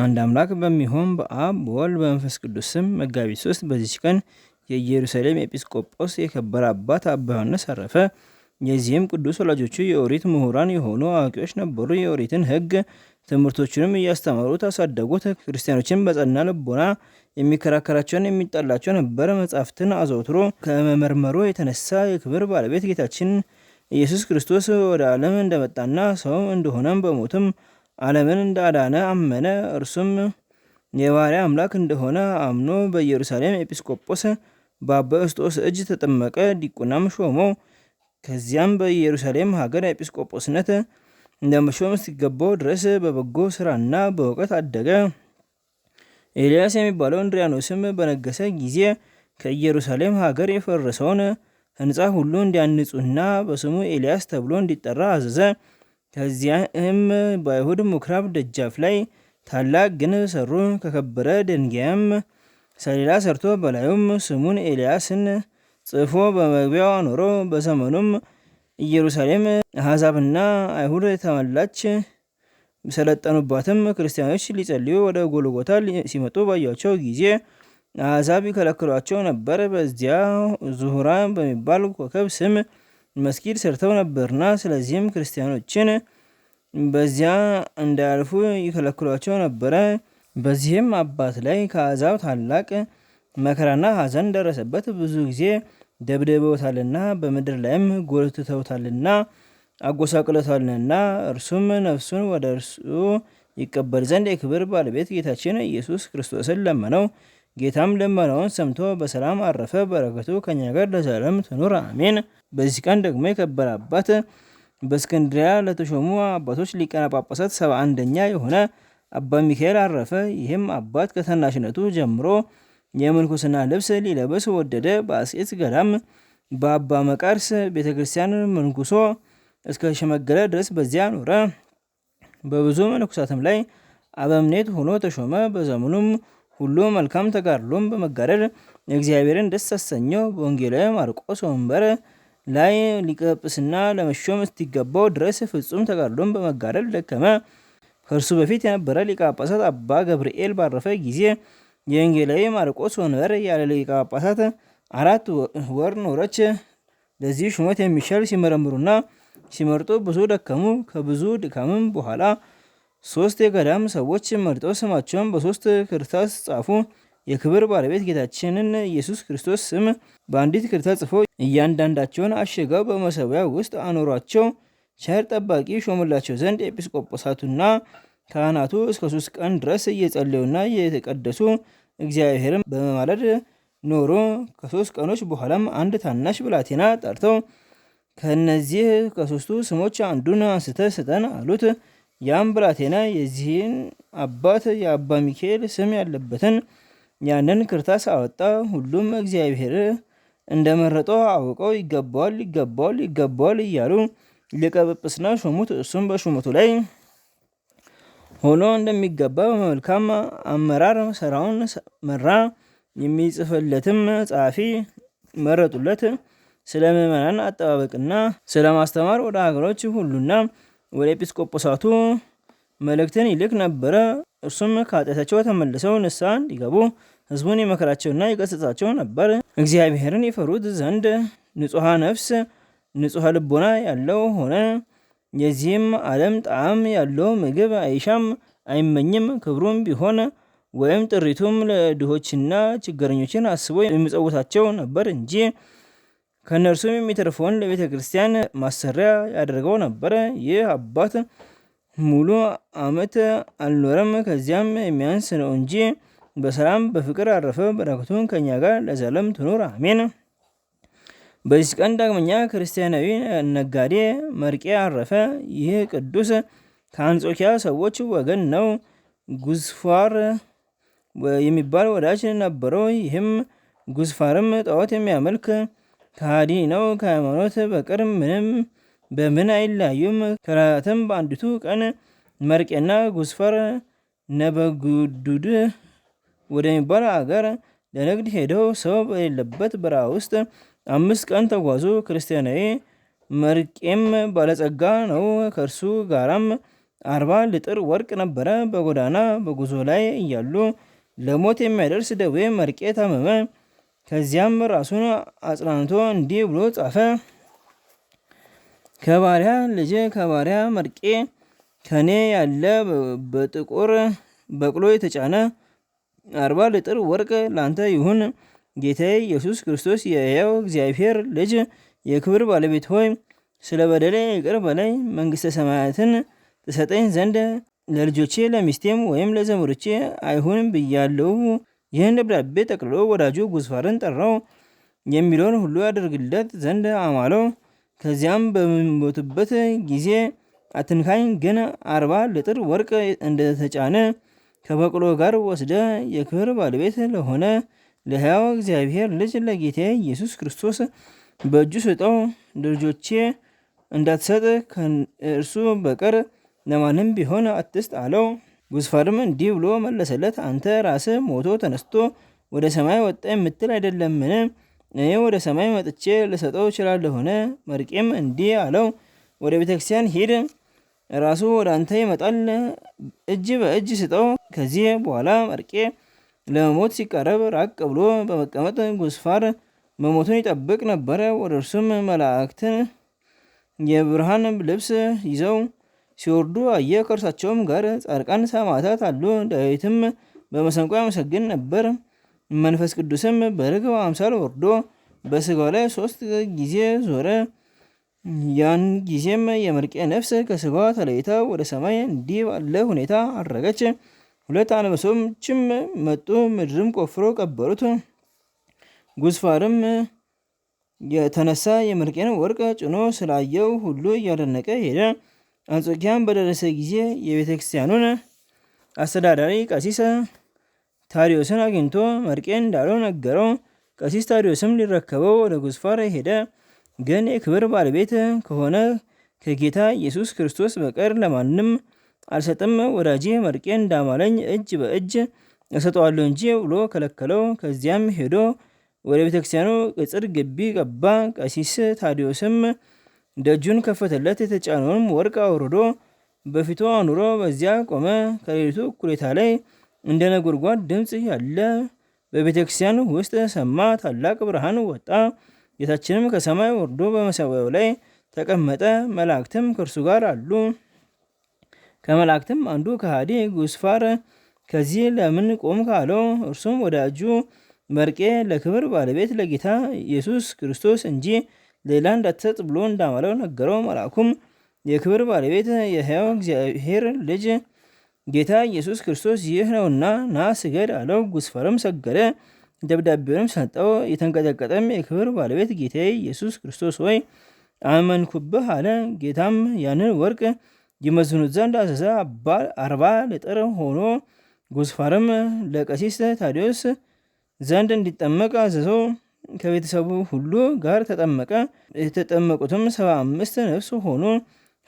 አንድ አምላክ በሚሆን በአብ በወልድ በመንፈስ ቅዱስ ስም መጋቢት ሶስት በዚች ቀን የኢየሩሳሌም ኤጲስቆጶስ የከበረ አባት አባ ዮሐንስ አረፈ። የዚህም ቅዱስ ወላጆቹ የኦሪት ምሁራን የሆኑ አዋቂዎች ነበሩ። የኦሪትን ሕግ ትምህርቶችንም እያስተማሩት ታሳደጉት። ክርስቲያኖችን በጸና ልቦና የሚከራከራቸውን የሚጣላቸው ነበር። መጻሕፍትን አዘውትሮ ከመመርመሩ የተነሳ የክብር ባለቤት ጌታችን ኢየሱስ ክርስቶስ ወደ ዓለም እንደመጣና ሰው እንደሆነም በሞትም ዓለምን እንዳዳነ አመነ። እርሱም የባሪያ አምላክ እንደሆነ አምኖ በኢየሩሳሌም ኤጲስቆጶስ በአበስጦስ እጅ ተጠመቀ። ዲቁናም ሾሞ ከዚያም በኢየሩሳሌም ሀገር ኤጲስቆጶስነት እንደመሾም እስኪገባው ድረስ በበጎ ስራና በእውቀት አደገ። ኤልያስ የሚባለው እንድሪያኖስም በነገሰ ጊዜ ከኢየሩሳሌም ሀገር የፈረሰውን ሕንፃ ሁሉ እንዲያንጹና በስሙ ኤልያስ ተብሎ እንዲጠራ አዘዘ። ከዚያም በአይሁድ ምኩራብ ደጃፍ ላይ ታላቅ ግንብ ሰሩ። ከከበረ ድንጋይም ሰሌዳ ሰርቶ በላዩም ስሙን ኤልያስን ጽፎ በመግቢያው አኖሮ። በዘመኑም ኢየሩሳሌም አሕዛብና አይሁድ ተመላች ሰለጠኑባትም። ክርስቲያኖች ሊጸልዩ ወደ ጎልጎታ ሲመጡ ባያቸው ጊዜ አሕዛብ ይከለክሏቸው ነበር። በዚያ ዙሁራ በሚባል ኮከብ ስም መስጊድ ሰርተው ነበርና ስለዚህም ክርስቲያኖችን በዚያ እንዳያልፉ ይከለክሏቸው ነበረ። በዚህም አባት ላይ ከአዛብ ታላቅ መከራና ሐዘን ደረሰበት። ብዙ ጊዜ ደብደበውታልና በምድር ላይም ጎልትተውታልና አጎሳቅለታልና እርሱም ነፍሱን ወደ እርሱ ይቀበል ዘንድ የክብር ባለቤት ጌታችን ኢየሱስ ክርስቶስን ለመነው። ጌታም ልመናውን ሰምቶ በሰላም አረፈ። በረከቱ ከኛ ጋር ለዘላለም ትኑር አሜን። በዚህ ቀን ደግሞ የከበረ አባት በእስክንድሪያ ለተሾሙ አባቶች ሊቃነ ጳጳሳት ሰባ አንደኛ የሆነ አባ ሚካኤል አረፈ። ይህም አባት ከታናሽነቱ ጀምሮ የምንኩስና ልብስ ሊለብስ ወደደ። በአስቄት ገዳም በአባ መቃርስ ቤተክርስቲያን ምንኩሶ እስከ ሸመገለ ድረስ በዚያ ኖረ። በብዙ መንኩሳትም ላይ አበምኔት ሆኖ ተሾመ። በዘመኑም ሁሉ መልካም ተጋድሎን በመጋደል እግዚአብሔርን ደስ አሰኘው። በወንጌላዊ ማርቆስ ወንበር ላይ ሊቀጵስና ለመሾም እስቲገባው ድረስ ፍጹም ተጋድሎን በመጋደል ደከመ። ከእርሱ በፊት የነበረ ሊቀ ጳጳሳት አባ ገብርኤል ባረፈ ጊዜ የወንጌላዊ ማርቆስ ወንበር ያለ ሊቀ ጳጳሳት አራት ወር ኖረች። ለዚህ ሹመት የሚሻል ሲመረምሩና ሲመርጡ ብዙ ደከሙ። ከብዙ ድካምም በኋላ ሶስት የገዳም ሰዎች መርጠው ስማቸውን በሶስት ክርታስ ጻፉ። የክብር ባለቤት ጌታችንን ኢየሱስ ክርስቶስ ስም በአንዲት ክርታ ጽፎ እያንዳንዳቸውን አሸጋው በመሰቢያ ውስጥ አኖሯቸው። ቸር ጠባቂ ሾሙላቸው ዘንድ ኤጲስቆጶሳቱና ካህናቱ እስከ ሶስት ቀን ድረስ እየጸለዩና እየተቀደሱ እግዚአብሔርን በመማለድ ኖሮ ከሶስት ቀኖች በኋላም አንድ ታናሽ ብላቴና ጠርተው ከእነዚህ ከሶስቱ ስሞች አንዱን አንስተ ስጠን አሉት። ያም ብላቴና የዚህን አባት የአባ ሚካኤል ስም ያለበትን ያንን ክርታስ አወጣ። ሁሉም እግዚአብሔር እንደመረጠው አውቀው ይገባዋል፣ ይገባዋል፣ ይገባዋል እያሉ ሊቀ ጵጵስና ሾሙት። እሱም በሹመቱ ላይ ሆኖ እንደሚገባ በመልካም አመራር ስራውን መራ። የሚጽፍለትም ጸሐፊ መረጡለት። ስለ ምዕመናን አጠባበቅና ስለ ማስተማር ወደ ሀገሮች ሁሉና ወደ ኤጲስቆጶሳቱ መልእክትን ይልክ ነበረ። እርሱም ከኃጢአታቸው ተመልሰው ንስሐ እንዲገቡ ህዝቡን የመከራቸውና የገሰጻቸው ነበር። እግዚአብሔርን የፈሩት ዘንድ ንጹሐ ነፍስ ንጹሐ ልቦና ያለው ሆነ። የዚህም ዓለም ጣዕም ያለው ምግብ አይሻም አይመኝም። ክብሩም ቢሆን ወይም ጥሪቱም ለድሆችና ችግረኞችን አስቦ የሚጸውታቸው ነበር እንጂ ከእነርሱም የሚተርፈውን ለቤተ ክርስቲያን ማሰሪያ ያደርገው ነበር። ይህ አባት ሙሉ ዓመት አልኖረም፣ ከዚያም የሚያንስ ነው እንጂ በሰላም በፍቅር አረፈ። በረከቱን ከኛ ጋር ለዘለም ትኑር አሜን። በዚህ ቀን ዳግመኛ ክርስቲያናዊ ነጋዴ መርቄ አረፈ። ይህ ቅዱስ ከአንጾኪያ ሰዎች ወገን ነው። ጉዝፋር የሚባል ወዳጅ ነበረው። ይህም ጉዝፋርም ጣዖት የሚያመልክ ከሃዲ ነው። ከሃይማኖት በቀር ምንም በምን አይላዩም። ከራትም በአንዲቱ ቀን መርቄና ጉስፈር ነበጉዱድ ወደሚባል አገር ለንግድ ሄደው ሰው በሌለበት በረሃ ውስጥ አምስት ቀን ተጓዙ። ክርስቲያናዊ መርቄም ባለጸጋ ነው። ከእርሱ ጋራም አርባ ልጥር ወርቅ ነበረ። በጎዳና በጉዞ ላይ እያሉ ለሞት የሚያደርስ ደዌ መርቄ ታመመ። ከዚያም ራሱን አጽናንቶ እንዲህ ብሎ ጻፈ። ከባሪያ ልጅ ከባሪያ መርቄ ከኔ ያለ በጥቁር በቅሎ የተጫነ አርባ ልጥር ወርቅ ላንተ ይሁን። ጌታዬ ኢየሱስ ክርስቶስ የሕያው እግዚአብሔር ልጅ የክብር ባለቤት ሆይ ስለ በደሌ ይቅር በላይ፣ መንግሥተ ሰማያትን ትሰጠኝ ዘንድ ለልጆቼ ለሚስቴም ወይም ለዘመዶቼ አይሁን ብያለው። ይህን ደብዳቤ ጠቅልሎ ወዳጁ ጉስፋርን ጠራው። የሚለውን ሁሉ ያደርግለት ዘንድ አማለው። ከዚያም በሚሞትበት ጊዜ አትንካኝ፣ ግን አርባ ልጥር ወርቅ እንደተጫነ ከበቅሎ ጋር ወስደ የክብር ባለቤት ለሆነ ለሕያው እግዚአብሔር ልጅ ለጌቴ ኢየሱስ ክርስቶስ በእጁ ስጠው። ልጆቼ እንዳትሰጥ ከእርሱ በቀር ለማንም ቢሆን አትስጥ አለው። ጉስፋርም እንዲህ ብሎ መለሰለት፣ አንተ ራስህ ሞቶ ተነስቶ ወደ ሰማይ ወጣ የምትል አይደለምን? እኔ ወደ ሰማይ መጥቼ ልሰጠው እችላለሁን? መርቄም እንዲህ አለው፣ ወደ ቤተክርስቲያን ሂድ፣ ራሱ ወደ አንተ ይመጣል፣ እጅ በእጅ ስጠው። ከዚህ በኋላ መርቄ ለመሞት ሲቀረብ ራቅ ብሎ በመቀመጥ ጉስፋር መሞቱን ይጠብቅ ነበረ። ወደ እርሱም መላእክትን የብርሃን ልብስ ይዘው ሲወርዱ አየ። ከእርሳቸውም ጋር ጻድቃን ሰማዕታት አሉ። ዳዊትም በመሰንቆ ያመሰግን ነበር። መንፈስ ቅዱስም በርግብ አምሳል ወርዶ በስጋው ላይ ሶስት ጊዜ ዞረ። ያን ጊዜም የመርቄ ነፍስ ከስጋዋ ተለይታ ወደ ሰማይ እንዲህ ባለ ሁኔታ አረገች። ሁለት አንበሶችም መጡ፣ ምድርም ቆፍሮ ቀበሩት። ጉዝፋርም የተነሳ የመርቄን ወርቅ ጭኖ ስላየው ሁሉ እያደነቀ ሄደ። አንጾኪያም በደረሰ ጊዜ የቤተ ክርስቲያኑን አስተዳዳሪ ቀሲስ ታዲዮስን አግኝቶ መርቄ እንዳለው ነገረው። ቀሲስ ታሪዮስም ሊረከበው ወደ ጉስፋር ሄደ። ግን የክብር ባለቤት ከሆነ ከጌታ ኢየሱስ ክርስቶስ በቀር ለማንም አልሰጥም፣ ወዳጄ መርቄ እንዳማለኝ እጅ በእጅ እሰጠዋለሁ እንጂ ብሎ ከለከለው። ከዚያም ሄዶ ወደ ቤተክርስቲያኑ ቅጽር ግቢ ገባ። ቀሲስ ታዲዮስም ደጁን ከፈተለት። የተጫነውንም ወርቅ አውርዶ በፊቱ አኑሮ በዚያ ቆመ። ከሌሊቱ እኩሌታ ላይ እንደ ነጎድጓድ ድምፅ ያለ በቤተ ክርስቲያን ውስጥ ሰማ። ታላቅ ብርሃን ወጣ። ጌታችንም ከሰማይ ወርዶ በመሰዊያው ላይ ተቀመጠ። መላእክትም ከእርሱ ጋር አሉ። ከመላእክትም አንዱ ከሃዲ ጉስፋር ከዚህ ለምን ቆም ካለው፣ እርሱም ወዳጁ መርቄ ለክብር ባለቤት ለጌታ ኢየሱስ ክርስቶስ እንጂ ሌላ እንዳትሰጥ ብሎ እንዳማለው ነገረው። መልአኩም የክብር ባለቤት የሕያው እግዚአብሔር ልጅ ጌታ ኢየሱስ ክርስቶስ ይህ ነውና ና ስገድ አለው። ጉስፈርም ሰገደ። ደብዳቤውንም ሰጠው። የተንቀጠቀጠም የክብር ባለቤት ጌታዬ ኢየሱስ ክርስቶስ ሆይ አመንኩብህ አለ። ጌታም ያንን ወርቅ ይመዝኑት ዘንድ አዘዘ። አርባ ልጥር ሆኖ ጉስፈርም ለቀሲስ ታዲዮስ ዘንድ እንዲጠመቅ አዘዘው። ከቤተሰቡ ሁሉ ጋር ተጠመቀ። የተጠመቁትም ሰባ አምስት ነፍስ ሆኑ።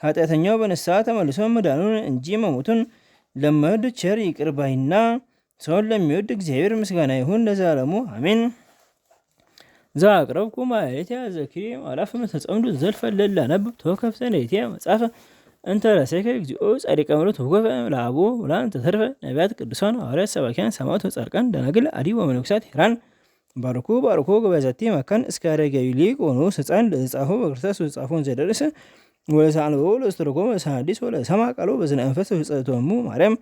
ኃጢአተኛው በንስሐ ተመልሶ መዳኑን እንጂ መሞቱን ለማይወድ ቸር ይቅር ባይና ሰውን ለሚወድ እግዚአብሔር ምስጋና ይሁን ለዘላለሙ አሜን። ዘአቅረብኩ ማኅሌትየ ዘኪርየ ወአላፈ መተጸምዱ ዘልፈ ለላነብብ ተወከፍተ ሌትየ መጽሐፈ እንተ ረሴከ እግዚኦ ጻድቀ ምሎ ተወከፈ ለአቦ ወለአንተ ተተርፈ ነቢያት፣ ቅዱሳን፣ ሐዋርያት፣ ሰባኪያን፣ ሰማዕት፣ ጻድቃን፣ ደናግል፣ አዲ ወመነኮሳት ሄራን ባርኮ ባርኮ በዛቲ መካን እስካደገ ሊቆኖስ ሕፃን ለጻፎ በክርስቶስ ጻፎን ዘደረሰ ወለሳንበው መሳዲስ ወለ ሰማ ቃሎ በዝነ አንፈስ ህጸቶሙ ማርያም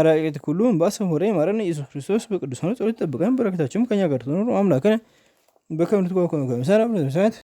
አራቂት ኩሉ ባሰ ሆረ ማረነ ኢየሱስ ክርስቶስ በቅዱሳኑ ጸሎት ጠብቀን በረከታችሁም ከኛ ጋር ትኖር አምላከን በከምንት ጓኮኑ ከምሰራ ሰዓት